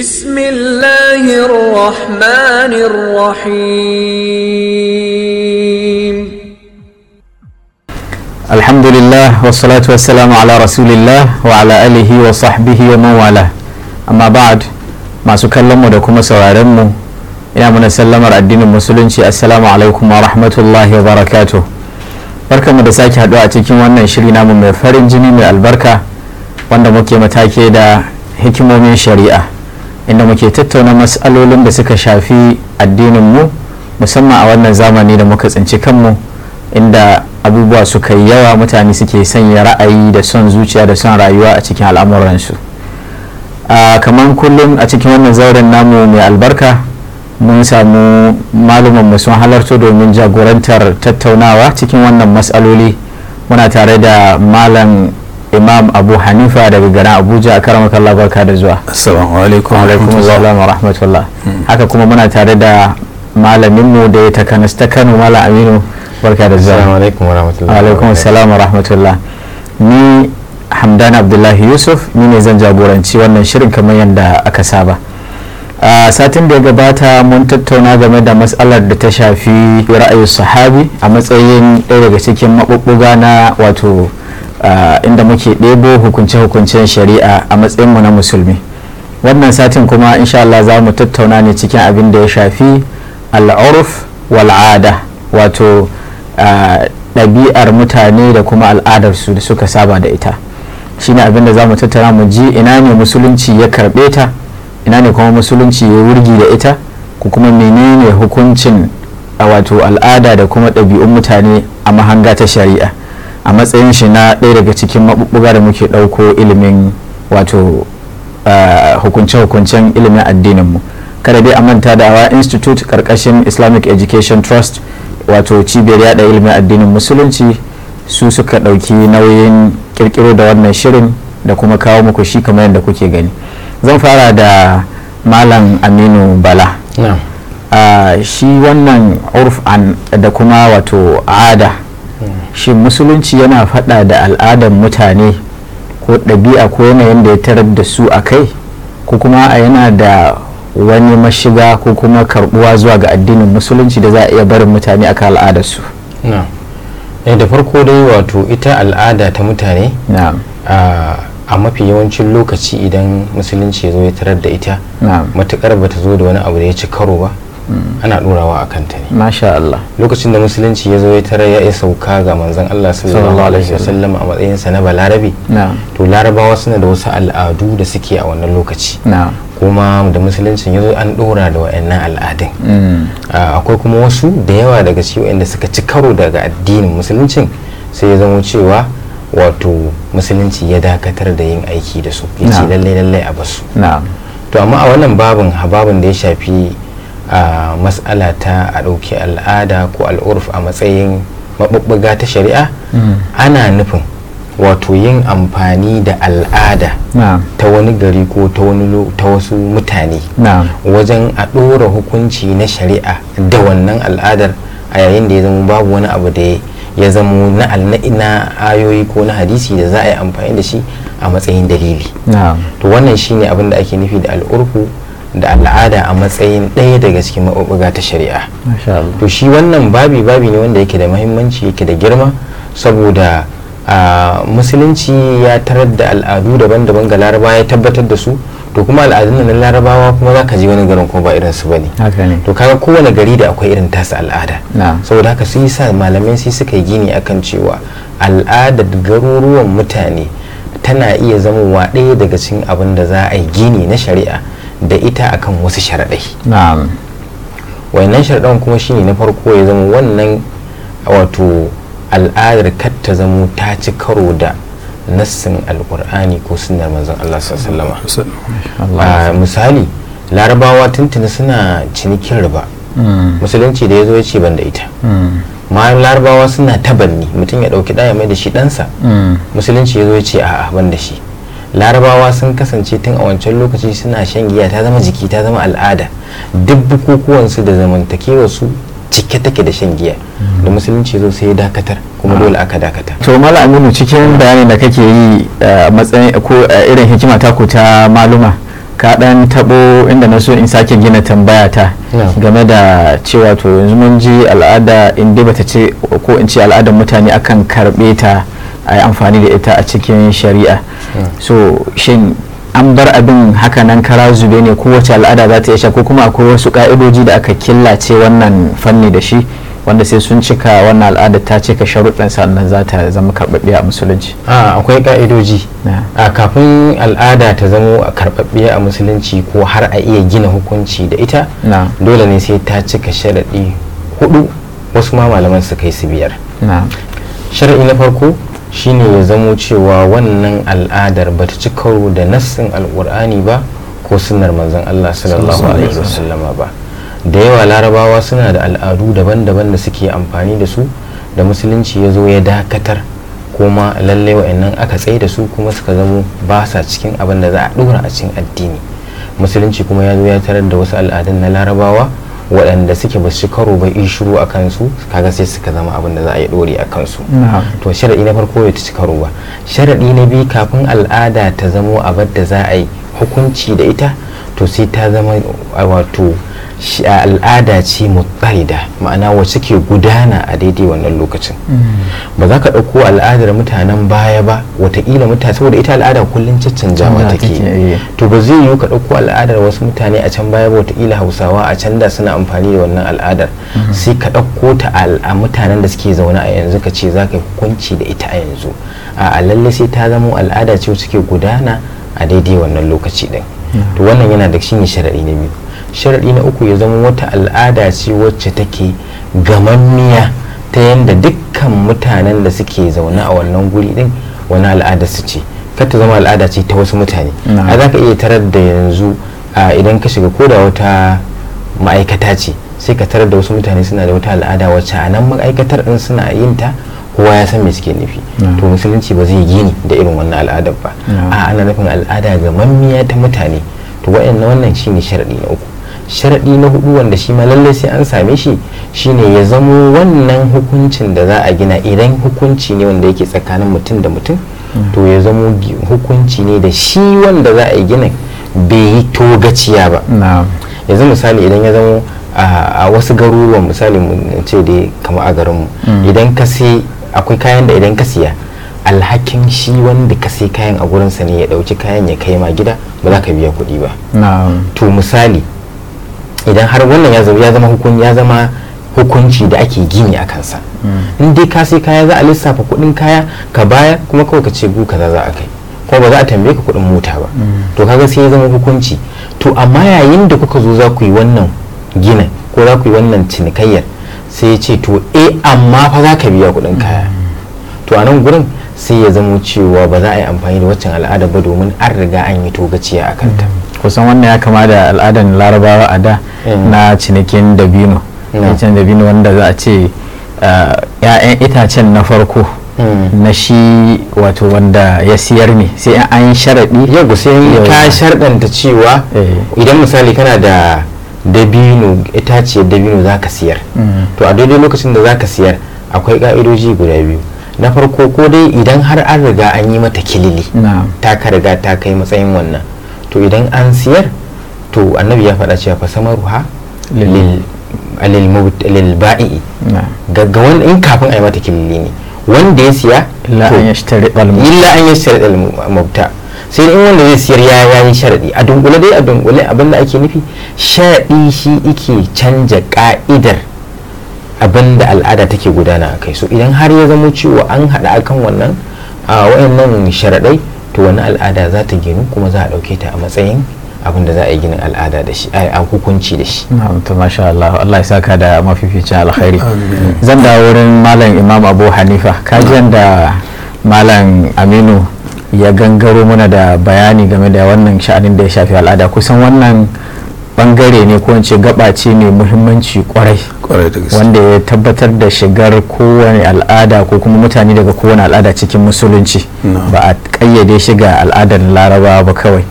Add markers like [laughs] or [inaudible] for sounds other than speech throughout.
بسم الله الرحمن الرحيم الحمد لله والصلاة والسلام على رسول الله وعلى آله وصحبه ومن والاه أما بعد ما سكلم ودكم سوارم ina muna sallamar addinin musulunci assalamu alaikum wa rahmatullahi wa barakatuh barkanmu da sake haɗuwa a cikin wannan shiri namu mai farin jini mai albarka wanda muke matake da hikimomin shari'a inda muke tattauna matsalolin da suka shafi addinin mu musamman a wannan zamani da muka tsinci kanmu inda abubuwa suka yi yawa mutane suke sanya ra'ayi da son zuciya da son rayuwa a cikin al'amuransu kamar kullum a cikin wannan zauren namu mai albarka mun samu mu sun halarto domin jagorantar tattaunawa cikin wannan matsaloli muna tare da malam imam abu hanifa daga garin abuja karamaka Allah barka da zuwa assalamu alaikum wa rahmatullah hmm. haka kuma muna tare da malaminmu da ya ta kanas ta kano mala aminu barka da zuwa assalamu alaikum wa rahmatullah alaikum assalam wa rahmatullah ni hamdan abdullahi yusuf ni ne zan jagoranci wannan shirin kamar yadda aka saba a satin da ya gabata mun tattauna game da matsalar da ta shafi ra'ayin sahabi a matsayin ɗaya daga cikin maɓuɓɓuga na wato Ah, inda muke ɗebo hukunce-hukuncen shari'a a matsayinmu na musulmi wannan satin kuma insha Allah za mu tattauna ne cikin abin da ya shafi al'uruf wal'ada wato ah, ɗabi'ar mutane da kuma al'adarsu da suka saba da ita shine abin da za mu tattara mu ji ina ne musulunci ya karɓe ta ina ne kuma musulunci ya wurgi da ita ko kuma menene hukuncin a wato al'ada da kuma ɗabi'un mutane a mahanga ta shari'a a matsayin shi na ɗaya daga cikin maɓuɓɓuga da muke ɗauko ilimin wato eh, hukunce-hukuncen ilimin addinin mu. kada dai a manta da awa institute karkashin islamic education trust wato cibiyar yada ilimin addinin musulunci su suka ɗauki nauyin kirkiro da wannan shirin da kuma kawo muku shi kamar yadda kuke gani zan fara da malam aminu bala ah, shi wannan urf da kuma wato ada shin musulunci yana faɗa da al'adar mutane ko ɗabi'a ko yanayin da ya tarar da su a kai ko kuma a yana da wani mashiga ko kuma karbuwa zuwa ga addinin musulunci da za a iya barin mutane su na eh, da farko dai wato ita al'ada ta mutane a mafi yawancin lokaci idan musulunci ya zo ya tarar da ita matukar ba ta zo da wani abu da ya ci karo ba ana dorawa a kanta ne masha Allah lokacin da musulunci ya zo ya tare ya sauka ga manzon Allah sallallahu alaihi wasallam a matsayin sa na balarabi. to larabawa suna da wasu al'adu da suke a wannan lokaci kuma da musulunci ya zo an ɗora da wayannan al'adun mm. akwai kuma wasu da yawa daga cikin wayanda suka ci karo daga addinin musulunci sai ya zama cewa wato musulunci ya dakatar da yin aiki da su ya ce lallai lallai a basu to amma a wannan babin hababin da ya shafi a matsala ta a ɗauki al'ada ko al'urf a matsayin maɓuɓɓuga ta shari'a mm. ana nufin wato yin amfani da al'ada ta wani gari ko ta wasu mutane wajen a ɗora hukunci na shari'a da wannan al'adar a yayin da ya zama babu wani abu da ya zama na ayoyi ko na hadisi da za a yi amfani da shi a matsayin dalili to wannan shine abin da ake nufi da al'urku da al'ada a matsayin ɗaya daga cikin maɓuɓɓuga ta shari'a to shi wannan babi babi ne wanda yake da mahimmanci yake da girma saboda a musulunci ya tarar da al'adu daban-daban ga laraba ya tabbatar da su to kuma al'adun na larabawa kuma za ka je wani garin kuma ba irin su bane to kaga kowane gari da akwai irin tasa al'ada saboda haka su sa malamai sai suka yi gini akan cewa al'adar garuruwan mutane tana iya zamowa ɗaya daga cikin abin da za a yi gini na shari'a da ita akan wasu sharaɗai wannan sharaɗan kuma shine na farko ya zama wannan wato al'adar kar ta zamo ta ci karo da nassin alkur'ani ko sunnar manzon Allah sallama ah, misali larabawa tuntuni suna cinikin riba mm. musulunci da ya zo ya ce ban da ita mm. ma larabawa suna tabanni mutum ya ɗauki ɗaya mai da shi ɗansa mm. musulunci ya zo ya ce a'a ban da shi larabawa sun kasance tun a wancan lokaci suna shan giya ta zama jiki ta zama al'ada duk bukukuwansu da su cike take da shan giya da musulunci zo sai dakatar kuma dole aka dakata to mala aminu cikin bayani da kake yi matsayin ko irin hikima ta ku ta maluma ka dan tabo inda na so in sake gina tambaya ta game da cewa to yanzu mun ji al'ada in dai bata ce ko in ce al'adar mutane akan karbe ta a yi amfani da ita a cikin shari'a so shin an bar abin haka nan kara zube ne kowace al'ada za ta iya sha ko kuma akwai wasu ka'idoji da aka killace wannan fanni da shi wanda sai sun cika wannan al'ada ta cika sharuɗin sannan za ta zama karɓaɓɓiya a musulunci akwai ka'idoji kafin al'ada ta zama karɓaɓɓiya a musulunci ko har a iya gina hukunci da ita dole ne sai ta cika sharaɗi hudu wasu ma malaman su kai su biyar sharaɗi na farko shine ya zamo cewa wannan al'adar ba ta ci karo da nassin alkur'ani ba ko sunar manzon Allah sallallahu alaihi wasallama ba da yawa larabawa suna da al'adu daban-daban da suke amfani da su da musulunci ya zo ya dakatar kuma lallai wa'annan aka tsaye da su kuma suka zamo ba sa cikin abin da za a dora a cikin addini musulunci kuma ya zo ya tarar da wasu al'adun na larabawa waɗanda suke ba su karo ba in shiru a kansu kaga sai suka zama abin da za a yi ɗore a kansu to sharaɗi na farko ya ci karo ba sharaɗi na biyu kafin al'ada ta zamo abin da za a yi hukunci da ita to sai ta zama wato al'ada ce mutsarida ma'ana wacce ke gudana a daidai wannan lokacin mm. ba za ka ɗauko al'adar mutanen baya ba watakila mutane saboda ita al'ada kullum caccanjawa take to ba zai yiwu ka ɗauko al'adar wasu mutane a can baya ba watakila hausawa a can da suna amfani da wannan al'adar mm-hmm. sai ka ɗauko ta a mutanen da suke zaune a yanzu ka ce za ka yi hukunci da ita a yanzu a lallai sai ta zama al'ada ce wacce ke gudana a daidai wannan lokaci ɗin to wannan yana da shi ne sharaɗi na biyu sharaɗi na uku ya zama wata al'ada ce wacce take gamammiya ta yadda dukkan mutanen da suke zaune a wannan guri din wani al'ada su ce kar ta zama al'ada ce ta wasu mutane a za ka iya tarar da yanzu idan ka shiga koda wata ma'aikata ce sai ka tarar da wasu mutane suna da wata al'ada wacce a nan ma'aikatar in suna yin ta kowa ya san me suke nufi to musulunci ba zai yi gini da irin wannan al'adar ba a ana nufin al'ada ga mammiya ta mutane to wa'annan wannan shine sharaɗi na uku sharaɗi na hudu wanda shi ma lallai sai an same shi shine ya zamo wannan hukuncin da za a gina idan hukunci ne wanda yake tsakanin mutum da mutum to ya zamo hukunci ne da shi wanda za a gina bai yi togaciya ba yanzu misali idan ya zamo a wasu garuruwan misali ce dai kama a garinmu mm. idan ka sai akwai kayan da idan ka siya alhakin shi wanda ka sai kayan a gurinsa ne ya dauki kayan ya kai ma gida ba za ka biya kuɗi ba to misali idan har wannan ya zama hukunci ya zama hukunci da ake gini a kansa mm. in dai ka sai kaya za a lissafa kuɗin kaya ka baya kuma kawai ka ce gu kaza za a kai ko ba za a tambaye ka kuɗin mota ba mm. to kaga sai ya zama hukunci to amma yayin da kuka zo za ku yi wannan ginin ko za ku yi wannan cinikayyar sai ya ce to eh amma fa za ka biya kuɗin mm. kaya to a nan gurin sai ya zama cewa ba za a yi amfani da waccan al'ada ba domin an riga an yi togaciya a kanta mm. kusan wannan ya kama da al'adar larabawa a da eh. na cinikin dabino eh. cinikin dabino wanda za a ce ah, ‘ya'yan itacen na farko hmm. na shi wato wanda ya siyar ne sai an sharaɗi yau sai ka sharɗanta cewa eh. idan misali kana da dabino ce dabino za ka siyar mm. to a daidai lokacin da za ka siyar akwai ka'idoji guda biyu na farko ko dai idan har an riga an yi mata kilili ta ka riga ta kai matsayin wannan to idan an siyar to annabi ya faɗa cewa fasamar ruha lil ba'i ga wanda in kafin a yi mata kilili ne wanda ya siya illa an yashtari al mabta sai in wanda zai siyar ya yi sharadi a dunkule dai a dunkule abin da ake nufi sharadi shi ike canja ka'idar abin da al'ada take gudana a kai so idan har ya zama cewa an haɗa akan wannan a wayannan sharaɗai to wani al'ada za ta ginu kuma za a ɗauke ta a matsayin abin da za a yi ginin al'ada da shi a hukunci da shi to masha Allah Allah ya saka da mafificin alkhairi zan da wurin malam imam abu hanifa kaji da malam aminu ya gangaro mana da bayani game da wannan sha'anin da ya shafi al'ada kusan wannan bangare ne ko ce gaba ce mai muhimmanci kwarai wanda ya tabbatar da shigar kowane al'ada ko kuma mutane daga kowane al'ada cikin musulunci ba a kayyade shi ga al'adar laraba ba kawai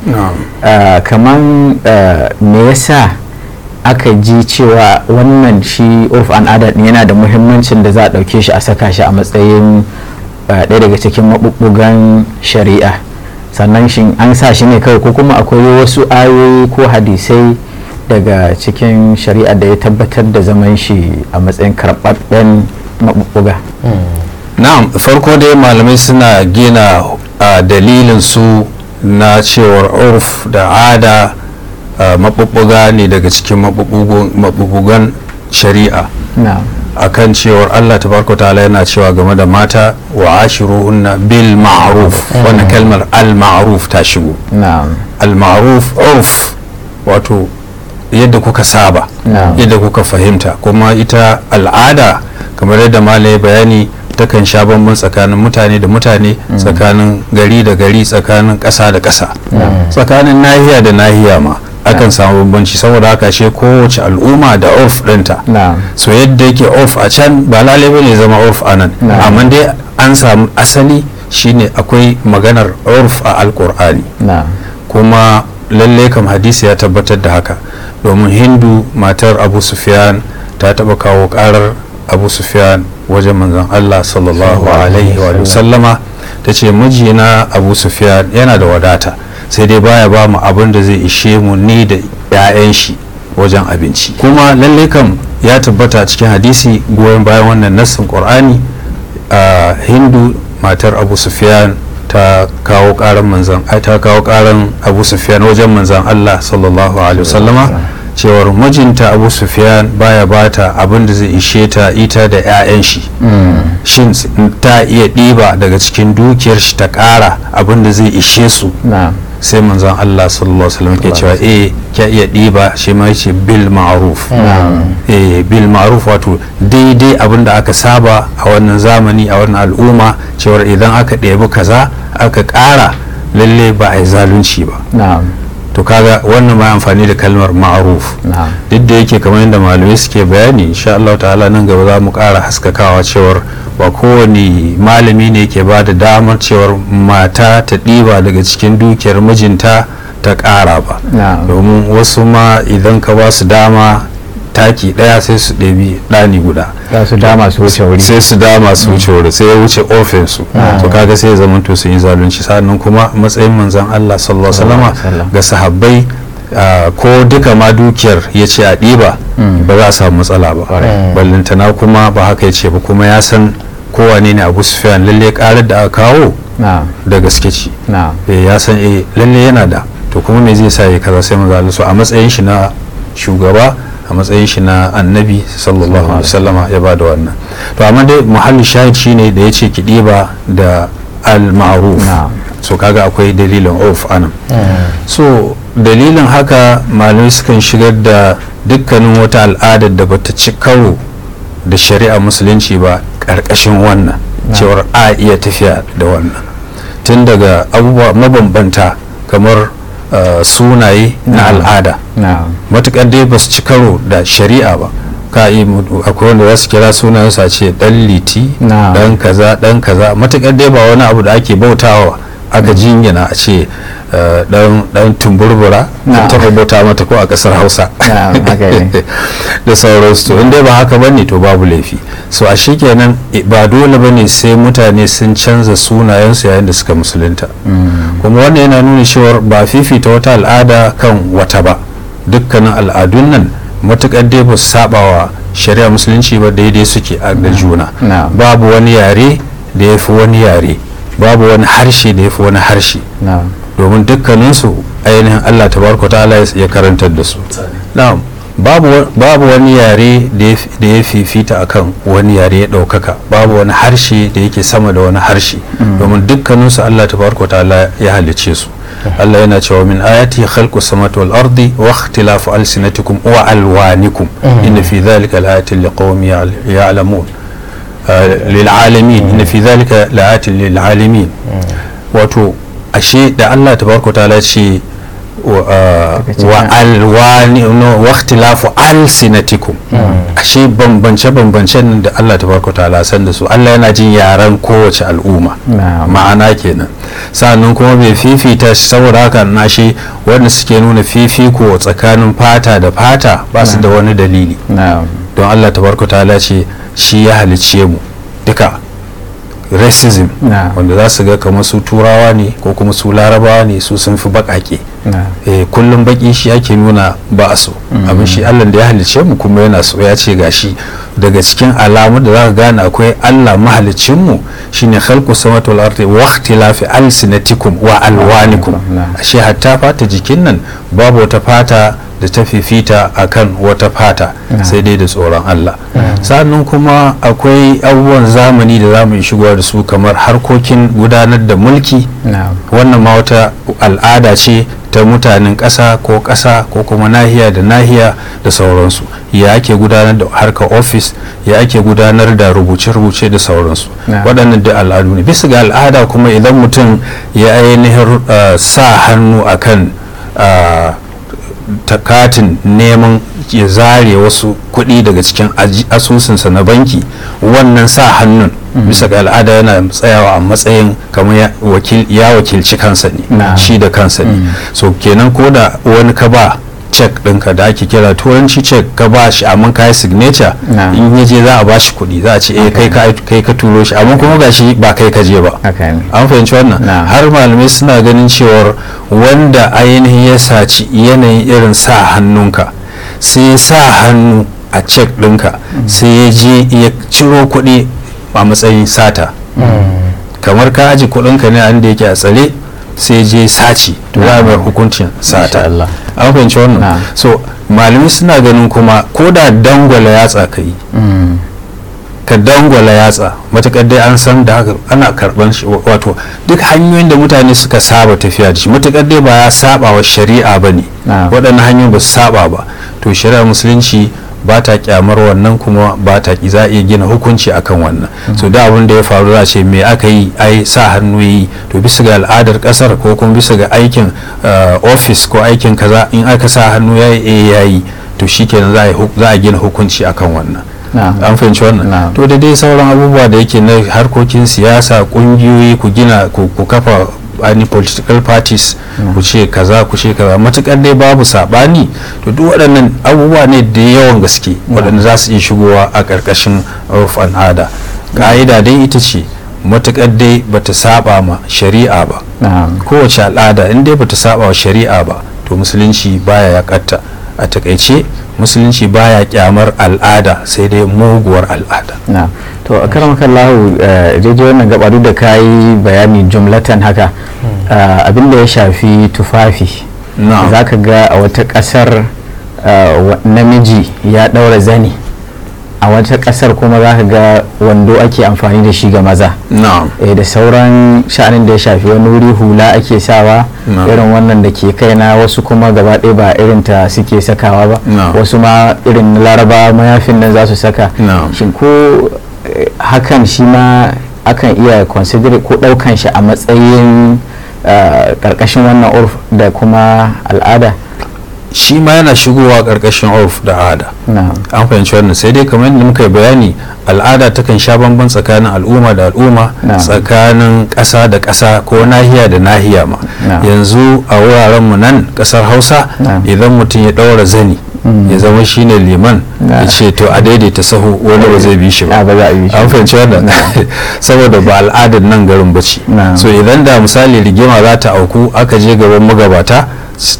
kamar me yasa aka ji cewa wannan shi urf al'ada yana da muhimmancin da za a dauke shi a saka shi a matsayin ɗaya daga cikin maɓuɓɓugan shari'a sannan shin an sa shi ne kawai ko kuma akwai wasu ayoyi ko hadisai daga cikin shari'a da ya tabbatar da zaman shi a matsayin karɓaɓɓen maɓuɓɓuga hmm. na'am farko dai malamai suna gina dalilin su na cewar urf da ada maɓuɓɓuga ne daga cikin maɓuɓɓugan shari'a akan cewar Allah ta ta ta'ala yana cewa game da mata wa ashiruhunna bil ma'ruf eh. wannan kalmar al ma'ruf ta shigo al ma'ruf urf wato yadda kuka saba yadda kuka fahimta kuma ita al'ada kamar yadda malai bayani takan sha bambam tsakanin mutane da mutane mm. tsakanin gari da gari tsakanin ƙasa da ƙasa tsakanin nahiya da nahiya ma akan samu bambanci saboda haka she kowace al'umma da off ɗinta so yadda yake off a can ba lalai ba ne zama off a nan amma dai an samu asali shine akwai maganar urf a alkur'ani kuma lallai kam hadisi ya tabbatar da haka domin hindu matar abu sufyan ta taba kawo karar abu sufyan wajen manzon allah sallallahu alaihi wa sallama ta ce mijina abu sufyan yana da wadata sai dai baya ba mu abin da zai ishe mu ni da 'ya'yan shi wajen abinci kuma lalle kam ya tabbata cikin hadisi goyon bayan wannan nassin qur'ani a hindu matar abu sufyan ta kawo karan manzan ta kawo karan abu sufyan wajen manzan allah sallallahu alaihi wasallama cewar mijinta abu sufyan baya bata abin da zai ishe ta ita da 'ya'yan shi hmm. shin ta iya ɗiba daga cikin dukiyar shi ta kara abin da zai ishe su sai manzon Allah sallallahu alaihi wasallam ke cewa eh ka iya diba shi ma yace bil ma'ruf mm. eh bil ma'ruf wato daidai abin da aka saba a wannan zamani a wannan al'umma cewar idan aka ɗebi kaza aka ƙara lalle ba a yi zalunci ba to kaga wannan ma amfani da kalmar ma'aruf duk da yake kamar yadda malamai suke bayani insha Allah ta'ala nan gaba za mu ƙara haskakawa cewar ba kowane malami ne ke ba da damar cewar mata ta ɗiba daga cikin dukiyar mijinta ta ƙara ba domin wasu ma idan ka ba su dama taki daya sai su ɗabi ɗani guda su da masu wuce wuri sai su dama su wuce mm. wuri sai ya wuce ofin su ah. to kaga sai ya zama to sun yi zalunci sannan kuma matsayin manzon Allah sallallahu alaihi wasallam ga sahabbai ah, ko duka ma dukiyar ya ce a ɗiba mm. ba za a samu matsala ba mm. ballantana kuma ba haka ya ce ba kuma ya san kowane ne abu sufiyan lalle karar da aka kawo da gaske ci eh, ya san eh lalle yana da to kuma me zai sa ya kaza sai manzo Allah a matsayin shi na shugaba a matsayin shi na annabi sallallahu alaihi wasallama ya ba da wannan to amma dai muhalli shahid shine da ya ce ki ɗiba da al-ma'ruf so kaga akwai dalilin of anan eh. so dalilin haka malamai sukan shigar da dukkanin wata al'ada da bata ci karo da shari'a musulunci ba karkashin wannan cewar a iya tafiya da wannan tun daga abubuwa mabambanta kamar sunaye na al'ada matukar dai ba su ci karo da shari'a ba ka akwai wanda za su kira sunayen a ce dan liti dan kaza dan kaza matukar dai ba wani abu da ake bautawa aka jingina a ce dan tumburbura ta rubuta mata ko a kasar hausa [laughs] da sauransu to inda ba haka bane to babu laifi so a kenan ba dole bane sai mutane sun canza sunayensu yayin da suka musulunta mm. kuma wannan yana nuna cewar ba fifita wata al'ada kan wata ba dukkanin al'adun nan matukar dai ba su sabawa shari'a musulunci ba daidai suke a da juna babu wani yare da ya fi wani yare babu wani harshe da ya fi wani harshe domin dukkaninsu ainihin allah tabaraka ta'ala ya karantar da su babu wani yare da ya fifita kan wani yare ya ɗaukaka babu wani harshe da yake sama da wani harshe mm. domin dukkaninsu allah ta ta'ala ya halice su Allah yana cewa min ayati khalqu samawati wal ardi wa ikhtilafu alsinatikum wa alwanikum mm. inna fi dhalika laayatin liqaumin ya'lamun آه، للعالمين إن في ذلك لآت للعالمين واتو أشي ده الله تبارك وتعالى شيء wa ikhtilafu alsinatikum ashe bambance bambancen da Allah tabaraka ta'ala san da su Allah yana jin yaran kowace al'umma ma'ana kenan sannan kuma bai fifita saboda haka na shi wanda suke nuna fifiko tsakanin fata da fata ba su da wani dalili don Allah tabaraka ta'ala ce shi ya halicce mu duka racism wanda za su ga kamar su turawa ne ko kuma su larabawa ne su sun fi baƙaƙe eh kullum baki shi ake nuna ba a so mm. abin shi Allah da ya halicce mu kuma yana so ya ce gashi daga cikin alamu da zaka gane akwai Allah mahaliccin mu shine khalqu samawati wal ardi wa ikhtilafi alsinatikum wa alwanikum mm. Mm. ashe hatta fata jikin nan babu wata fata da ta fifita akan wata fata sai dai da tsoron Allah sannan kuma akwai abubuwan zamani da zamu yi shigowa da su kamar harkokin gudanar da mulki wannan ma wata al'ada ce ta mutanen ƙasa ko ƙasa ko kuma nahiya da nahiya da sauransu ya ake gudanar da harkar ofis ya ake gudanar da rubuce-rubuce da sauransu waɗannan da al'adu ne bisa ga al'ada kuma idan mutum ya ainihin uh, sa hannu akan uh, takatin neman ya zare wasu kuɗi daga cikin asusunsa na banki wannan sa hannun Mm-hmm. bisa ga al'ada yana tsayawa a matsayin kamar ya wakilci kansa ne shi da kansa ne mm-hmm. so kenan ko da wani ka ba cek ɗinka da ake kira turanci cek ka ba shi amma ka yi signature in ya je za a ba shi kuɗi za a ce eh, kai ka turo shi amma kuma gashi ba kai ka je ba an fahimci wannan har malamai suna ganin cewar wanda ainihin ya saci yanayin irin sa hannunka sai sa hannu a cek ɗinka mm-hmm. sai ya je ya ciro kuɗi a matsayin sata kamar ka aji ka ne a inda yake a tsare sai je sace to za mai hukuncin sata an fahimci wannan so malami suna ganin kuma ko da dangwala yatsa ka yi mm. ka dangwala yatsa matakar dai an san da haka ana karban shi wato duk hanyoyin da mutane suka saba tafiya da shi matakar dai ba ya saba wa shari'a ba ne waɗannan hanyoyin ba su saba ba to shari'ar musulunci ba ta kyamar wannan kuma ba ta ki za a iya gina hukunci akan wannan so da abin da ya faru za ce me aka yi ai sa hannu yi to bisa ga al'adar kasar ko kuma bisa ga aikin uh, office ko aikin kaza in aka sa hannu yayi eh yayi to shikenan za a gina hukunci akan wannan an fahimci wannan to da dai sauran abubuwa da yake na harkokin siyasa kungiyoyi ku gina ku kafa sabani political parties ku kaza ku kaza matukar dai babu saɓani to duk waɗannan abubuwa ne da yawan gaske waɗanda za su iya shigowa a ƙarƙashin of an ada ka'ida dai ita ce matukar dai bata saba ma shari'a ba kowace al'ada in dai bata saɓa wa shari'a ba to musulunci baya yakatta a takaice musulunci baya kyamar al'ada sai dai muguwar al'ada na to a karamar kallahu eh, daidai wannan gaba duk da kayi bayani jumlatan haka hmm. eh, abin da ya shafi tufafi za ka ga a wata kasar eh, namiji ya daura zani a wata kasar kuma za ka ga wando ake amfani da shi ga maza eh, da sauran sha'anin da ya shafi wani wuri hula ake sawa irin wannan da ke kai na wasu kuma gaba ɗaya ba irin ta suke sakawa ba wasu ma irin laraba mayafin nan za su saka shi ko eh, hakan shi ma akan iya consider ko ɗaukan shi a matsayin eh, ƙarƙashin wannan da kuma al'ada shi ma yana shigowa karkashin urf da al'ada an fahimci wannan sai dai kamar yadda muka yi bayani al'ada takan sha bamban tsakanin al'umma da al'umma tsakanin kasa da ƙasa ko nahiya da nahiya ma yanzu a wuraren mu nan kasar hausa idan mutum ya ɗaura zani mm. ya zama shine liman ya ce to a daidaita sahu wani ba zai bi shi ba an fahimci wannan [laughs] saboda ba al'adar nan garin ba ce so idan da misali rigima za ta auku aka je gaban magabata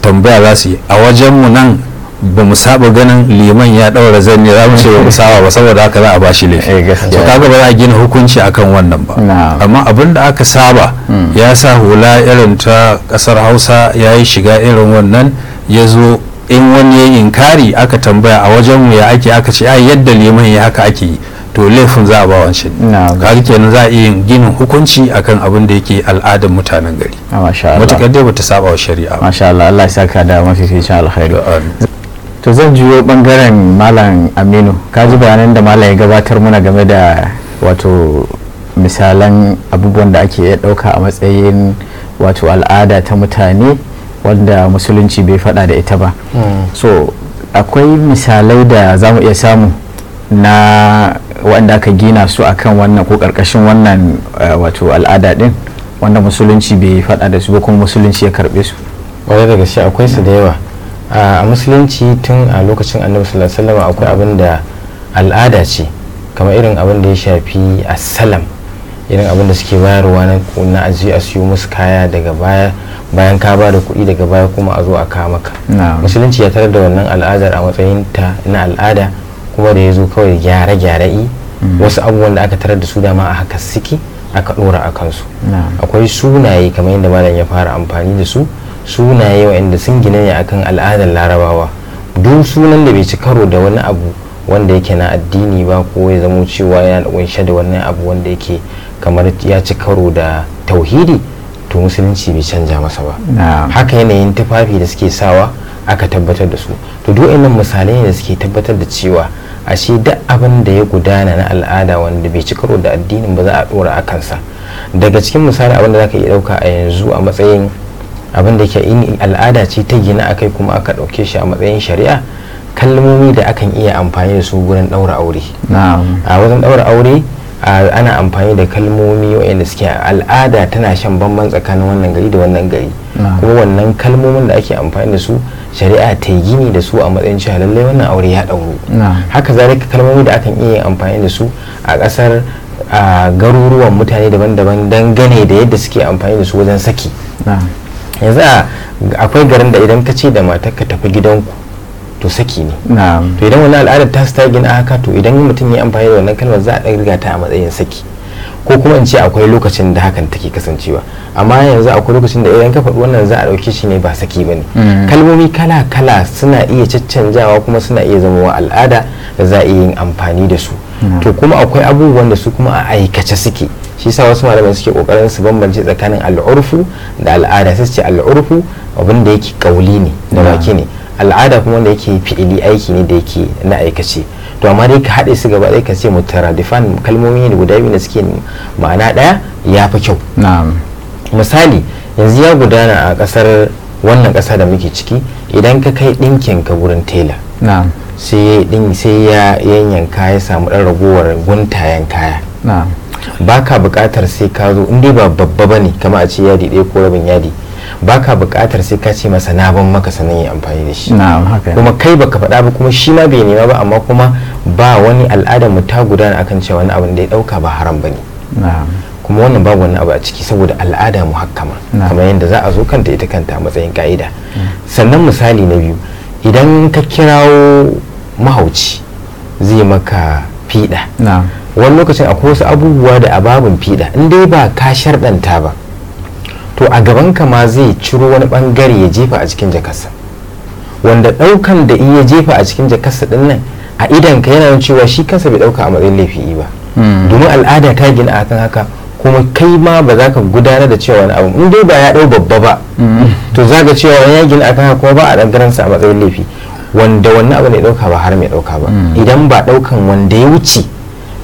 tambaya za su yi a wajenmu nan ba mu saba ganin liman ya daura zanni za mu ce ba mu saba ba saboda haka za a bashi laifi to eh, kaga ba za a gina hukunci akan wannan ba amma abin da aka saba hmm. ya sa hula irin ta kasar hausa ya yi shiga irin wannan ya zo in wani ya inkari aka tambaya a wajenmu ya ake aka ce ai yadda liman ya haka ake yi to laifin za a ba wancan kaga kenan za a iya yin ginin hukunci akan abin da yake al'adar mutanen gari ah, matukar dai bata saba wa shari'a masha Allah Allah ya saka da mafificin alkhairi to zan juyo bangaren malam Aminu ka ji bayanan da malam ya gabatar muna game da wato misalan abubuwan da ake iya dauka a matsayin wato al'ada ta mutane wanda musulunci bai faɗa da ita ba hmm. so akwai misalai da za mu iya samu na wanda aka gina su akan wannan ko karkashin wannan eh, wato al'ada din wanda musulunci bai faɗa da su ba kuma musulunci ya karɓe su wani daga shi akwai su da yawa a musulunci tun a lokacin annabi sallallahu alaihi wasallam akwai abin da al'ada ce kamar irin abin da ya shafi assalam irin abin da suke bayarwa na kuna aji a siyo musu kaya daga baya bayan ka ba da kuɗi daga baya kuma a zo a kawo maka musulunci ya tarar da wannan al'adar a matsayin ta na al'ada kuma da ya zo kawai gyare gyare yi mm. wasu abubuwan da aka tarar da su dama a haka siki aka dora a kansu akwai sunaye kamar yadda malam ya fara amfani da su sunaye waɗanda sun gina ne akan al'adar larabawa duk sunan da bai ci karo da wani abu wanda yake na addini ba ko ya zamo cewa yana kunshe da wani abu wanda yake kamar ya ci karo da tauhidi to musulunci bai canja masa ba haka yanayin tufafi da suke sawa aka tabbatar da su to duk nan misalai ne da suke tabbatar da cewa ashe duk abin da ya gudana na al'ada wanda bai ci da addinin ba za a dora a daga cikin misali abin da za ka iya ɗauka a yanzu a matsayin abin da ke al'ada ce ta gina akai kuma aka dauke shi a matsayin shari'a kalmomi da akan iya amfani da su wurin daura aure a wajen daura aure ana amfani da kalmomi waɗanda suke al'ada tana shan bamban tsakanin wannan gari da wannan gari kuma wannan kalmomin da ake amfani da su shari'a ta yi gini da su a matsayin cewa lallai wannan aure ya ɗauro haka zalika kalmomi da akan iya amfani da su a ƙasar a garuruwan mutane daban-daban dangane da yadda suke amfani da su wajen saki yanzu akwai garin da idan ka ce da matar ka tafi gidanku to saki ne to idan wani al'adar ta su ta gina haka to idan mutum ya amfani da wannan kalmar za a ɗan riga ta a matsayin saki ko kuma in ce akwai lokacin da hakan take kasancewa amma yanzu akwai lokacin da eh, idan ka faɗi wannan za a ɗauke shi ne ba saki ba ne mm. kalmomi kala kala suna iya caccanjawa kuma suna iya zama wa al'ada da za a iya yin amfani da su mm. to kuma akwai abubuwan da su kuma a aikace suke shi sa wasu malamai suke kokarin su bambance tsakanin al'urfu da al'ada sai ce al'urfu abin da yake kauli ne da mm. baki ne al'ada kuma wanda yake fi'ili aiki ne da yake na aikace to amma dai ka haɗe su gaba ɗaya ka ce mutaradifan kalmomi ne guda biyu da suke ma'ana ɗaya ya fi kyau misali yanzu ya gudana a ƙasar wannan ƙasa da muke ciki idan ka kai ɗinkin ka wurin tela sai ya yanyanka ya samu ɗan ragowar guntayen kaya ba ka buƙatar sai ka zo in ba babba ba ne kama a ce yadi ɗaya ko rabin yadi baka bukatar sai ka ce masa na ban maka sanin ya amfani da shi kuma kai baka faɗa ba kuma shi ma bai nema ba amma kuma ba wani al'adar mu ta gudana akan cewa wani abin da ya dauka ba haram bane kuma wannan babu wani abu a ciki saboda al'ada mu hakkama kamar yadda za a zo kanta ita kanta a matsayin ka'ida sannan misali na biyu idan ka kirawo mahauci zai maka fiɗa wani lokacin akwai wasu abubuwa da ababin fiɗa in dai ba ka sharɗanta ba to a gaban ka ma zai ciro wani bangare ya jefa a cikin jakarsa wanda daukan da in ya jefa a cikin jakarsa din nan a idan ka yana cewa shi kansa bai dauka a matsayin laifi ba hmm. domin al'ada ta gina akan haka kuma kai ma ba za ka gudanar da cewa wani abu in dai ba ya dau babba ba hmm. to za ka cewa wani ya gina akan haka kuma ba a dangaren sa a matsayin laifi wanda wannan abu ne dauka ba har mai dauka ba hmm. idan ba daukan wanda ya wuce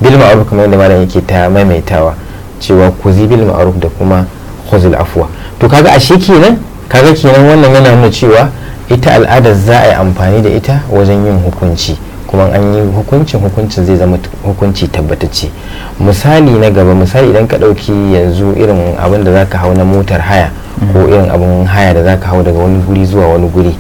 bil ma'ruf kamar yadda malam yake ta maimaitawa cewa ku zibil ma'ruf da kuma khuzil afuwa to kaga ashe kenan kaga kenan wannan yana nuna cewa ita al'ada za a yi amfani da ita wajen yin hukunci kuma an yi hukuncin hukuncin zai zama hukunci tabbatacce misali na gaba misali idan ka ɗauki yanzu irin abin da zaka hau na motar haya ko mm. irin abin haya da zaka hau daga wani guri zuwa wani guri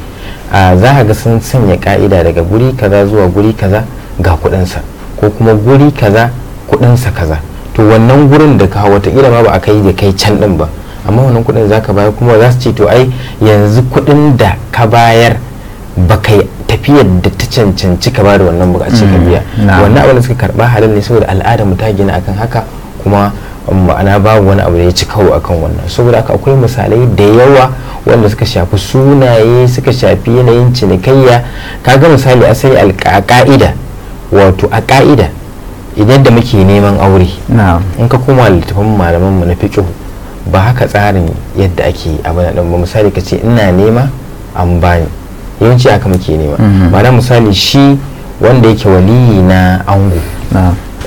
a za ka ga sun sanya ka'ida daga guri kaza zuwa guri kaza ga kuɗinsa ko kuma guri kaza kuɗinsa kaza to wannan gurin da ka watakila ma ba a kai da kai can din ba amma wannan kudin za ka bayar kuma za su ce to ai yanzu kudin da ka bayar ba ka tafiyar da ta cancanci ka da wannan bukaci ka mm, biya wannan abin da suka karba halin ne saboda al'ada mu ta gina akan haka kuma ma'ana babu wani abu da ya ci kawo akan wannan saboda haka akwai misalai da yawa wanda suka shafi sunaye suka shafi yanayin cinikayya kaga misali asali alƙa'ida wato a ƙa'ida idan da muke neman aure in ka koma littafin malaman mu na fiqh ba haka tsarin yadda ake abin da ba misali ka ce ina nema an bani yawanci haka muke nema mhm. ma'ana misali shi wanda yake waliyi na ango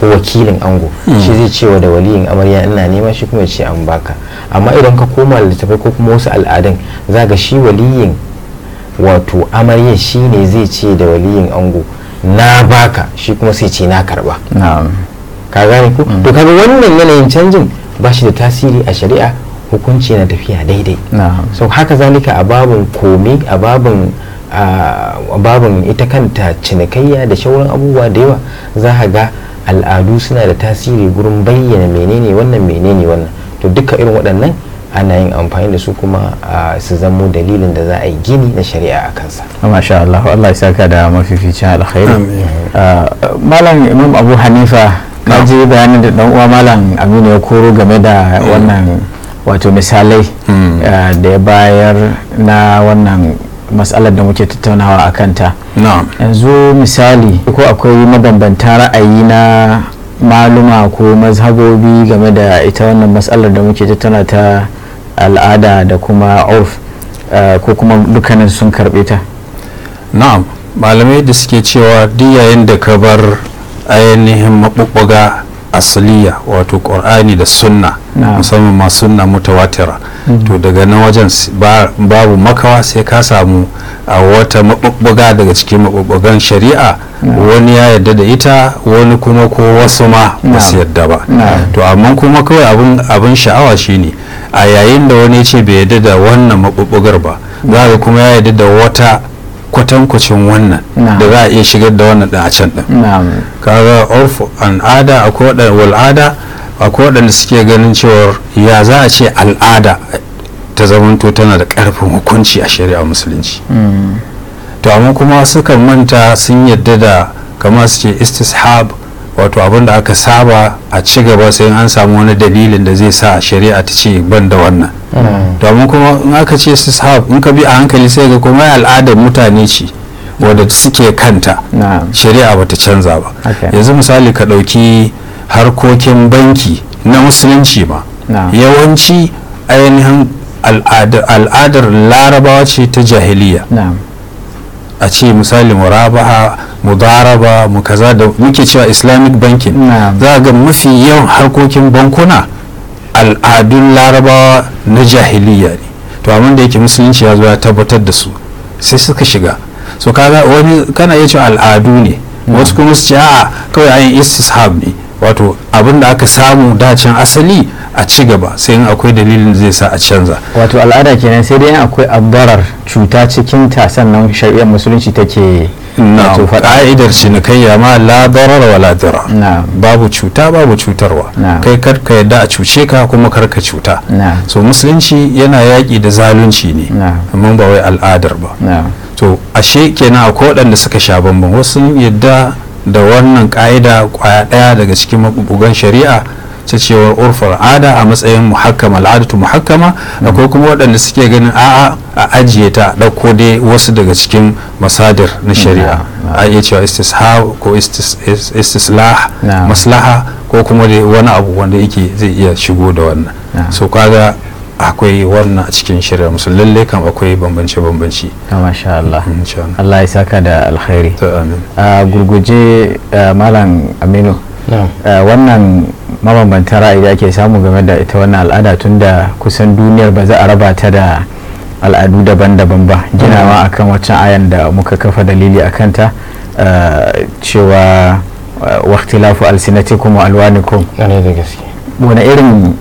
ko wakilin ango mhm. shi zai cewa da waliyin amarya ina nema shi kuma ce an baka amma idan ka koma littafai ko kuma wasu al'adun za ga shi waliyin wato amarya shi ne zai ce da waliyin ango na baka shi kuma sai ce na karba ka gane ku mm. to kaga wannan yanayin canjin ba shi da tasiri a shari'a hukunci na tafiya daidai so haka zalika a babin komi a babin a babin ita kanta cinikayya da shauran abubuwa da yawa za a ga al'adu suna da tasiri gurin bayyana menene wannan menene wannan to duka irin waɗannan ana yin amfani da su kuma su zamo dalilin da za a yi gini na shari'a a kansa. Masha Allah, Allah ya saka da mafificin alkhairi. Malam Imam Abu Hanifa, na ji bayanin da uwa Malam Aminu ya koro game da wannan wato misalai hmm. da ya bayar na wannan matsalar da muke tattaunawa a kanta. Yanzu misali ko akwai mabambanta ra'ayi na maluma ko mazhabobi game da ita wannan matsalar da muke tattauna ta al'ada da kuma of eh, ko kuma dukkanin sun karbe ta na'am malamai da suke cewa duk yayin da ka bar ainihin maɓuɓɓuga asaliya wato ƙur'ani da sunna musamman ma sunna mutawatira mhm. to daga nan wajen babu makawa sai ka samu a wata maɓuɓɓuga daga cikin maɓuɓɓugan shari'a wani ya yarda da ita wani kuma ko wasu ma ba su yarda ba to amma kuma kawai abin sha'awa shine a yayin da wani ya ce bai yarda da wannan maɓuɓɓugar ba za kuma ya yarda da wata kwatankwacin wannan da za a iya shigar da wannan a can din kaga an al'ada akwai waɗanda wal'ada akwai waɗanda suke ganin cewar ya za a ce al'ada ta zamanto tana da ƙarfin hukunci a shari'a musulunci mm. to amma kuma sukan manta sun yadda da kamar suke ce istishab wato abin da aka saba a ci gaba sai an samu wani dalilin da zai sa shari'a ta ce ban da wannan domin hmm. kuma in aka ce su in ka bi a hankali sai ga kuma al'adar mutane ce wadda suke kanta shari'a bata canza ba yanzu misali ka ɗauki harkokin banki na musulunci ba yawanci ainihin al'adar larabawa ce ta jahiliya a ce misali murabaha mudaraba mu kaza da muke cewa islamic banking za ga mafi yawan harkokin bankuna al'adun larabawa na jahiliya ne to amma da yake musulunci ya zo ya tabbatar da su sai suka shiga so kaga wani kana iya cewa al'adu ne wasu kuma su ce a'a kawai ayin istishab ne wato abin da aka samu dacin asali a ci gaba sai in akwai dalilin zai sa a canza wato al'ada kenan sai dai akwai abbarar cuta cikin ta sannan shari'ar musulunci take na ka'idar cinikayya ma la wa la babu cuta babu cutarwa kai kar ka yadda a cuce ka kuma kar ka cuta so musulunci yana yaƙi da zalunci ne amma ba wai al'adar ba to ashe kenan akwai waɗanda suka sha bambam wasu yadda da wannan ka'ida kwaya ɗaya daga cikin mabugan shari'a ta cewar urfar ada a matsayin muhakkama al'adatu muhakkama akwai kuma waɗanda suke ganin a'a a ajiye ta ɗauko dai wasu daga cikin masadir na shari'a a iya cewa istisha ko istislah maslaha ko kuma dai wani abu wanda yake zai iya shigo da wannan so kaga akwai wannan a cikin shirya musu lalle kam akwai bambance bambance ah, masha mm, Allah Allah ya saka da alkhairi a gurguje eh, malam Aminu eh, wannan mabambanta ra'ayi da ake samu game da ita wannan al'ada tun da kusan duniyar ba za a raba ta da al'adu daban-daban ba mm. ginawa akan waccan ayan da muka kafa dalili a kanta eh, cewa waktilafu alsinatikum wa alwanikum wani irin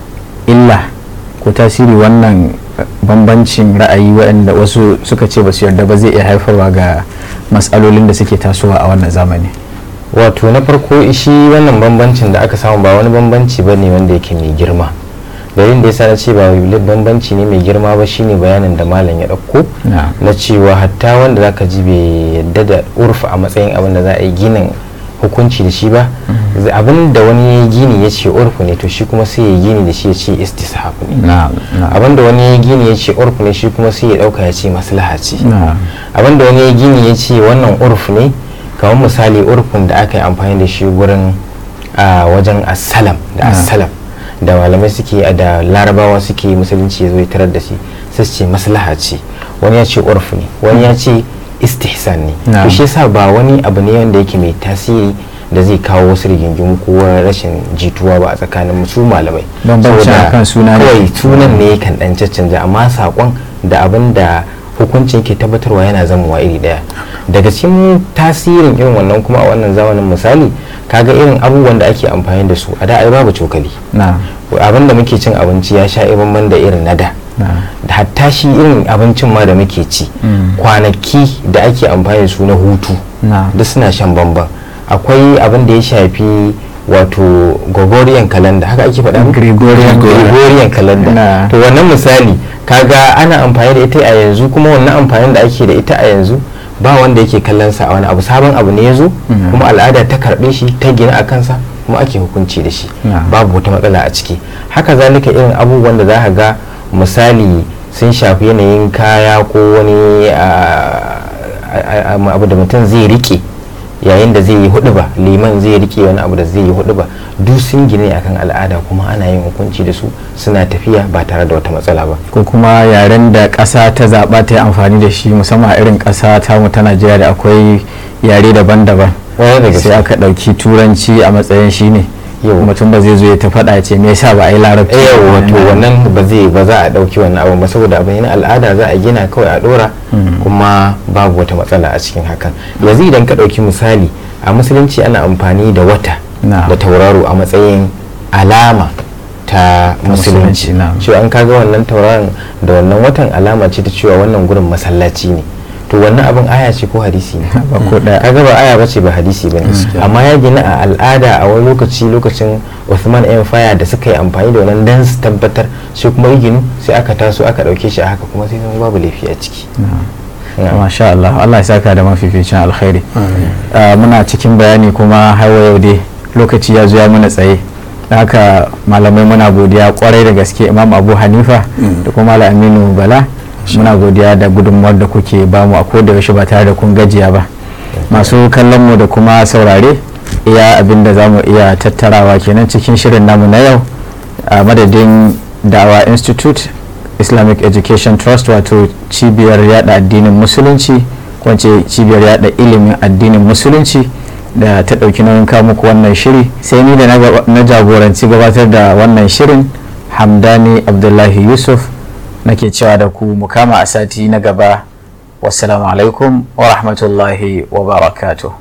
illa ko tasiri wannan bambancin ra'ayi waɗanda wasu suka ce ba su yarda ba zai iya haifarwa ga matsalolin da suke tasowa a wannan zamani wato na farko shi wannan bambancin da aka samu ba wani bambanci ba ne wanda yake mai girma dalilin da ya na ce ba bambanci ne mai girma ba shine bayanin da malam ya ɗauko na cewa hatta wanda zaka ji bai yadda da urfa a matsayin abin da za a yi ginin hukunci da shi ba mm. abin da wani ya gini ya ce urfu ne to shi kuma sai ya gini da shi ya ce haku ne abin da wani ya gini ya ce urfu ne shi kuma sai ya dauka ya ce maslaha ce abin da wani ya gini ya ce wannan urfu ne kamar misali urfun da aka yi amfani da shi gurin wajen asalam da asalam da malamai suke da larabawa suke musulunci ya zo ya tarar da shi sai ce maslaha ce wani ya ce urfu ne wani ya ce kisan ne to shi yasa ba wani abu ne wanda yake mai tasiri da zai kawo wasu rigingimu ko rashin jituwa ba a tsakanin su malamai saboda kawai sunan ne kan dan caccanja amma sakon da abin da hukuncin ke tabbatarwa yana zamowa iri daya daga cikin tasirin irin wannan kuma a wannan zamanin misali kaga irin abubuwan da ake amfani da su a da ai babu cokali abin da muke cin abinci ya sha ibn da irin na da da hatta shi irin abincin ma da muke ci mm. kwanaki da ake amfani su na hutu duk suna shan bamban akwai abin da ya shafi wato gregorian calendar haka ake faɗa gregorian calendar to wannan misali kaga ana amfani da ita a yanzu kuma wannan amfanin da ake da ita a yanzu ba wanda yake kallon sa a wani abu sabon abu ne ya zo mm. kuma al'ada ta karɓe shi ta gina a kansa kuma ake hukunci da shi babu wata matsala a ciki haka zalika irin abubuwan da za ka ga misali sun shafi yanayin kaya ko wani abu da mutum zai rike yayin da zai yi hudu ba liman zai rike wani abu da zai yi hudu ba duk sun gine akan al'ada kuma ana yin hukunci da su suna tafiya ba tare da wata matsala ba ko kuma yaren da ƙasa ta zaɓa ta yi amfani da shi musamman irin ƙasa ta mu ta najeriya da akwai yare daban-daban sai aka ɗauki turanci a matsayin shi ne mutum ba zai zo ya ta faɗa ce me yasa ba a yi larabci eh, yau wato wannan ba zai ba za a ɗauki wannan abu ba saboda abin yana al'ada za a gina kawai a ɗora hmm. kuma babu wata matsala a cikin hakan yanzu idan ka ɗauki misali a musulunci ana amfani da wata da tauraro a matsayin alama ta musulunci cewa an kaga wannan tauraron da wannan watan alama ce ta cewa wannan gurin masallaci ne to wannan abin aya ce ko hadisi ne kaga ba aya bace ba hadisi ba ne amma ya gina a al'ada a wani lokaci lokacin Uthman ibn Faya da suka yi amfani da wannan dan tabbatar sai kuma yigin sai aka taso aka dauke shi a haka kuma sai zama babu laifi a ciki masha Allah Allah ya saka da mafificin alkhairi ah, muna cikin bayani kuma har yau dai lokaci ya zo ya mana tsaye haka malamai muna godiya kwarai da gaske imam abu hanifa mm. da kuma malam aminu bala muna godiya da gudunmuwar da kuke bamu a ko da yaushe ba tare da kun gajiya ba masu kallon mu da kuma saurare iya abin da zamu iya tattarawa kenan cikin shirin namu na yau a madadin dawa institute islamic education trust wato cibiyar yada addinin musulunci wance cibiyar yada ilimin addinin musulunci da ta ɗauki nauyin muku wannan shiri sai ni da na jagoranci gabatar da wannan shirin hamdani abdullahi yusuf nake cewa da ku mu kama a sati na gaba wassalamu alaikum wa rahmatullahi wa barakatuh